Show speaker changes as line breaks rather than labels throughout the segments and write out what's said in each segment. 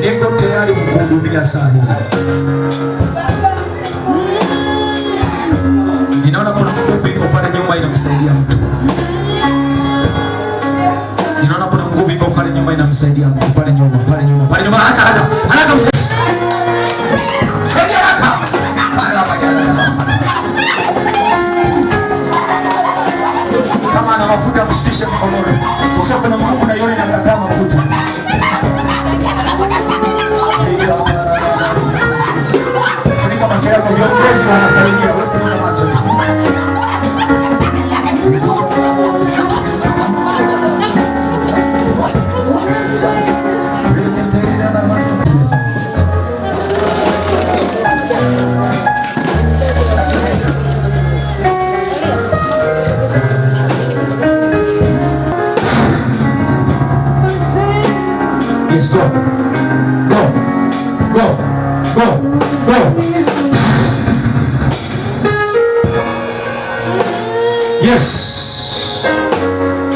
Niko tayari kukuhudumia sana. Ninaona kuna nguvu iko pale nyuma inamsaidia mtu. Ninaona kuna nguvu iko pale nyuma inamsaidia mtu, pale nyuma, pale nyuma, pale nyuma, haraka haraka haraka wewe. Kisha kuna mafuta yule anakataa mafuta. Kunika macho yako, viongozi wanasaidia. go, go, go. Yes.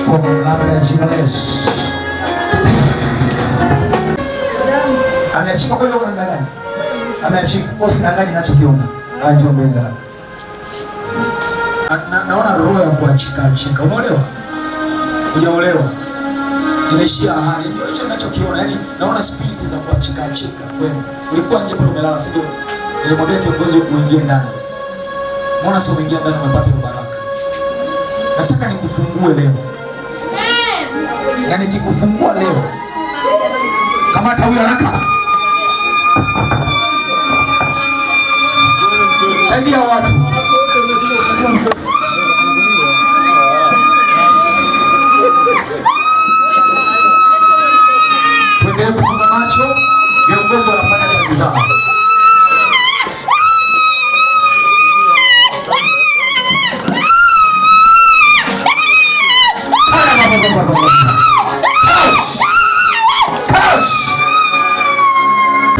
Kwa mamlaka ya jina la Yesu. Ameachika kweli kuna ndani. Ameachika kwa sina ndani ninachokiona. Anjua mbele ndani. Naona roho ya kuachika achika. Umeolewa? Hujaolewa? imeshia ahadi. Ndio hicho ninachokiona, yani naona spirit za kuachika achika. Kwenu ulikuwa nje bado umelala, sio? Nilimwambia kiongozi uingie ndani, mbona sio uingia ndani, umepata baraka. Nataka nikufungue leo, yani nikikufungua leo, kamata huyo haraka, saidia watu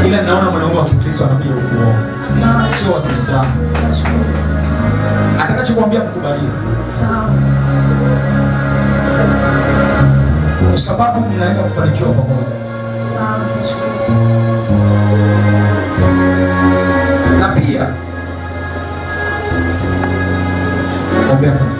Ila naona mwanaume wa Kikristo anakuja kukuoa, sio wa Kiislamu. Atakachokuambia mkubalie, kwa sababu mnaenda kufanikiwa pamoja, na pia ombea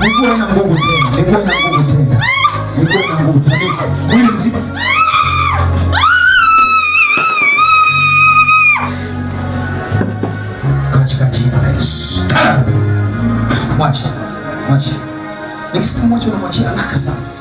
니꺼에 남고 못해 니꺼에 남고 못해 니꺼에 남고 못해 울리지 마 가지가지 플레이스 다음 마치 마치 넥스트 모처럼 마치 안락하사